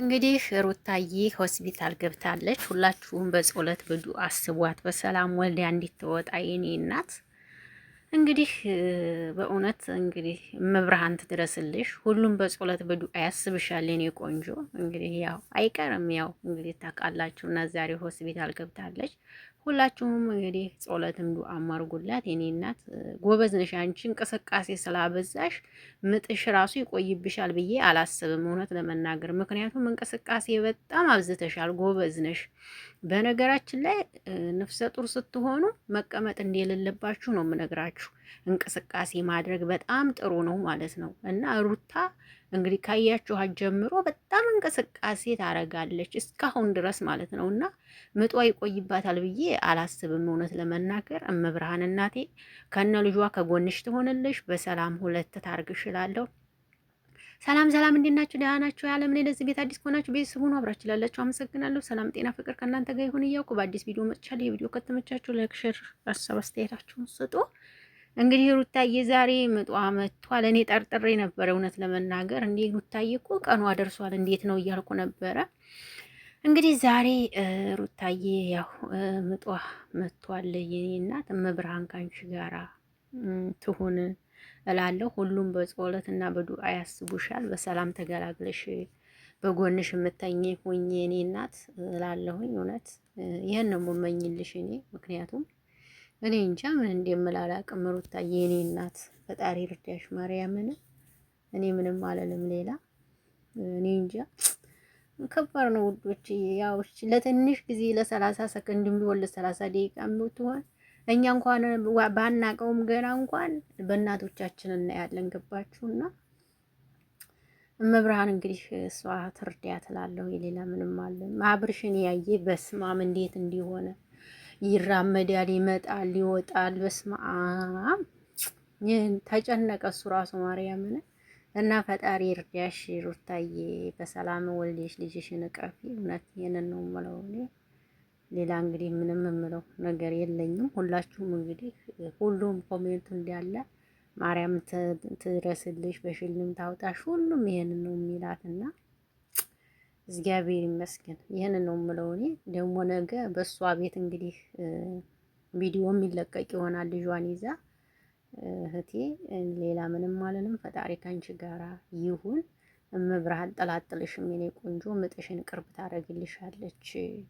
እንግዲህ ሩታዬ ሆስፒታል ገብታለች። ሁላችሁም በጸሎት ብዱ አስቧት፣ በሰላም ወልዳ እንድትወጣ የኔ እናት። እንግዲህ በእውነት እንግዲህ መብርሃን ትድረስልሽ። ሁሉም በጸሎት ብዱ አያስብሻል የኔ ቆንጆ። እንግዲህ ያው አይቀርም ያው እንግዲህ ታውቃላችሁ እና ዛሬ ሆስፒታል ገብታለች። ሁላችሁም እንግዲህ ጸሎትም ዱዓም አድርጉላት። የኔ እናት ጎበዝ ነሽ አንቺ። እንቅስቃሴ ስላበዛሽ ምጥሽ ራሱ ይቆይብሻል ብዬ አላስብም እውነት ለመናገር ምክንያቱም እንቅስቃሴ በጣም አብዝተሻል። ጎበዝ ነሽ። በነገራችን ላይ ነፍሰ ጡር ስትሆኑ መቀመጥ እንደሌለባችሁ ነው የምነግራችሁ። እንቅስቃሴ ማድረግ በጣም ጥሩ ነው ማለት ነው። እና ሩታ እንግዲህ ካያችኋት ጀምሮ በጣም እንቅስቃሴ ታረጋለች እስካሁን ድረስ ማለት ነው። እና ምጧ ይቆይባታል ብዬ አላስብም። እውነት ለመናገር እመብርሃን እናቴ ከነ ልጇ ከጎንሽ ትሆንልሽ። በሰላም ሁለት ታርግሽ እላለሁ። ሰላም ሰላም፣ እንዴት ናችሁ? ደህና ናችሁ? የዓለም ላይ ለዚህ ቤት አዲስ ከሆናችሁ ቤተሰብ ሁኑ። አብራችሁ ላላችሁ አመሰግናለሁ። ሰላም ጤና፣ ፍቅር ከእናንተ ጋር ይሁን እያውቁ በአዲስ ቪዲዮ መጥቻለሁ። የቪዲዮ ከተመቻችሁ ላይክ፣ ሼር፣ ሀሳብ አስተያየታችሁን ስጡ። እንግዲህ ሩታዬ ዛሬ ምጧ መጥቷል። እኔ ጠርጥሬ ነበረ እውነት ለመናገር እንዴ ሩታዬ እኮ ቀኗ ደርሷል እንዴት ነው እያልኩ ነበረ። እንግዲህ ዛሬ ሩታዬ ያው ምጧ መጥቷል። የኔ እናት እመብርሃን ካንቺ ጋራ ትሁን እላለሁ። ሁሉም በጸሎት እና በዱዓ ያስቡሻል። በሰላም ተገላግለሽ በጎንሽ የምተኝ ሁኝ የኔ እናት እላለሁኝ። እውነት ይህን ነው የምመኝልሽ እኔ ምክንያቱም እኔ እንጃ ምን እንደምል አላውቅም። ሩታዬ የኔ እናት ፈጣሪ ርዳሽ ማርያምን። እኔ ምንም አለንም ሌላ እኔ እንጃ። ከባድ ነው ውዶች። ያው ለትንሽ ጊዜ ለሰላሳ ሰከንድም ቢሆን ለሰላሳ ደቂቃ የምትሆን እኛ እንኳን ባናቀውም ገና እንኳን በእናቶቻችን እናያለን። ገባችሁና መብርሃን እንግዲህ እሷ ትርዳያ ትላለሁ። የሌላ ምንም አለ ማብርሽን ያየ በስማም እንዴት እንዲሆነ ይራመዳል፣ ይመጣል፣ ይወጣል። በስመ አብ ይህን ተጨነቀ እሱ ራሱ ማርያምን እና ፈጣሪ እርዳሽ ሩታዬ፣ በሰላም ወልደሽ ልጅሽን እቀፊ። እውነት ይህንን ነው የምለው ሌላ እንግዲህ ምንም የምለው ነገር የለኝም። ሁላችሁም እንግዲህ ሁሉም ኮሜንቱ እንዳለ ማርያም ትድረስልሽ፣ በሽልም ታውጣሽ፣ ሁሉም ይሄንን ነው የሚላትና እግዚአብሔር ይመስገን። ይህንን ነው የምለው እኔ ደግሞ ነገ በእሷ ቤት እንግዲህ ቪዲዮ የሚለቀቅ ይሆናል። ልጇን ይዛ እህቴ፣ ሌላ ምንም አልልም። ፈጣሪ ከአንቺ ጋራ ይሁን። እመብርሃን ጠላጥልሽም የኔ ቆንጆ ምጥሽን ቅርብ ታደርግልሻለች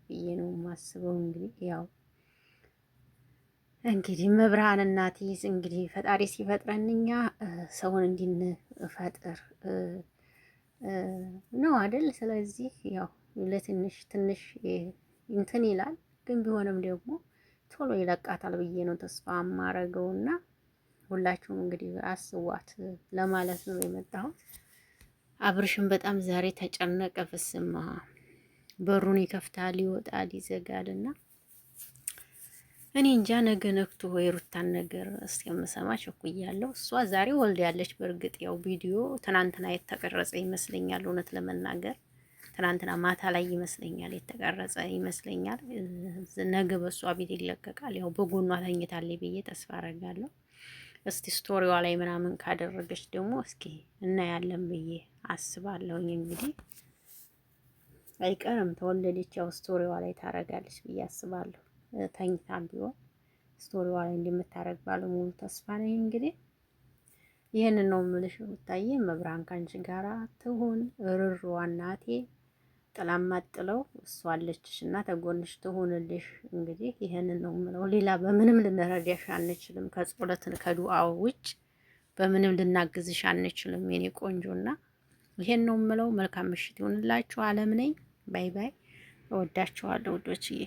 ብዬ ነው የማስበው። እንግዲህ ያው እንግዲህ እመብርሃን እናቴ እንግዲህ ፈጣሪ ሲፈጥረን እኛ ሰውን እንድንፈጥር ነው አይደል? ስለዚህ ያው ለትንሽ ትንሽ እንትን ይላል፣ ግን ቢሆንም ደግሞ ቶሎ ይለቃታል ብዬ ነው ተስፋ እና ሁላችሁም እንግዲህ አስዋት ለማለት ነው የመጣሁት። አብርሽም በጣም ዛሬ ተጨነቀ። ፍስማ በሩን ይከፍታል፣ ይወጣል፣ ይዘጋልና እኔ እንጃ ነገ ወይ የሩታን ነገር እስከምሰማ ቸኩያለሁ። እሷ ዛሬ ያለች በእርግጥ ያው ቪዲዮ ትናንትና የተቀረጸ ይመስለኛል። እውነት ለመናገር ትናንትና ማታ ላይ ይመስለኛል የተቀረጸ ይመስለኛል። ነገ በእሷ ቤት ይለቀቃል። ያው በጎኗ ተኝታለች ብዬ ተስፋ አረጋለሁ። እስቲ ስቶሪዋ ላይ ምናምን ካደረገች ደግሞ እስኪ እናያለን ብዬ አስባለሁኝ። እንግዲህ አይቀርም ተወለደች፣ ያው ስቶሪዋ ላይ ታረጋለች ብዬ አስባለሁ። ተኝታም ቢሆን ስቶሪዋ ላይ እንደምታደርግ ባለሙሉ ተስፋ ነኝ። እንግዲህ ይህንን ነው ምልሽ ሩታዬ። መብራን ካንቺ ጋራ ትሁን። ርሯ እናቴ ጥላም አጥለው እሷ አለችሽ እና ተጎንሽ እንግዲህ ይህንን ነው ምለው፣ ሌላ በምንም ልንረዳሽ አንችልም፣ ከጸሎትን ከዱአው ውጭ በምንም ልናግዝሽ አንችልም የኔ ቆንጆና ይሄን ነው ምለው። መልካም ምሽት ይሁንላችሁ። አለም ነኝ። ባይ ባይ። እወዳችኋለሁ ውዶችዬ።